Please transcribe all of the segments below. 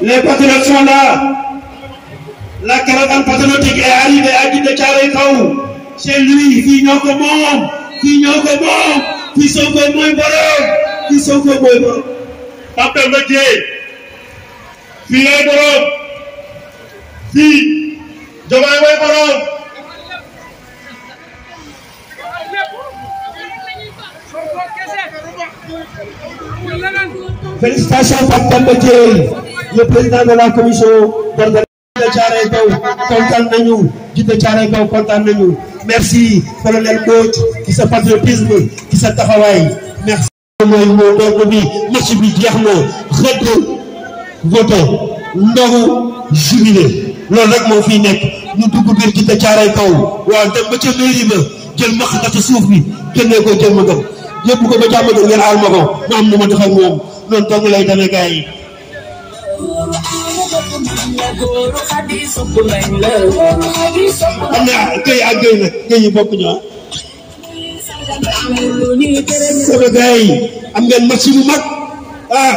Les patriotes sont là. La caravane patriotique est arrivée à Guy de Kaou. C'est lui, qui n'y a de monde. qui n'y a de monde. qui sont comme moi, qui sont comme moi. Appel de Dieu, fille de Rome, fille, je vais Félicitations, Pasteur de le président de la commission d'organisation Thiaroye Kaw kontaan nañu jiite Thiaroye Kaw kontaan nañu merci colonel Mbodj ci sa patriotisme ci sa taxawaay merci mooy moo doog bi match bi jeex na xëdd loolu rek moo fiy nekk ñu dugg biir jiite Thiaroye Kaw waaw dem ba ca mairie ba jël ma xata suuf bi génnee ko jël ma gëm yóbbu ko ba jàmm ngeen aal ma ko ma am nu moom noonu dong lay demee gars yi am na këy ak këy nag këy yi bokk ñu sama gars yi am ngeen machine bu mag ah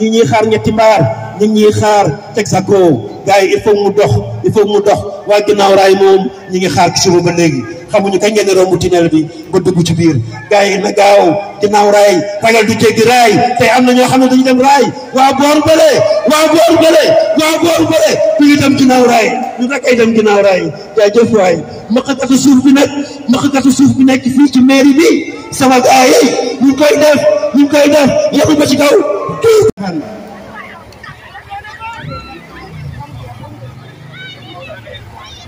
ñi ñuy xaar ñetti mbaar ñi ñuy xaar Texaco gars yi il faut mu dox il faut mu dox waa ginnaaw raay moom ñi ngi xaar ci suba ba léegi xamuñu kay ngeen romb tunnel bi ba dugg ci biir gars yi na gaaw ginnaaw raay ragal du jéggi raay tey am na ñoo xam ne dañu dem raay waa boor bële waa boor bële waa boor bële duñu dem ginnaaw raay ñu nag ay dem ginnaaw raay jaajëf waay maqkatu suuf bi nag maqkatu suuf bi nekk fii ci mairie bi sama gars yi ñu koy def ñu koy def yëpp ba ci kaw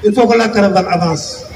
il faut que la caravane avance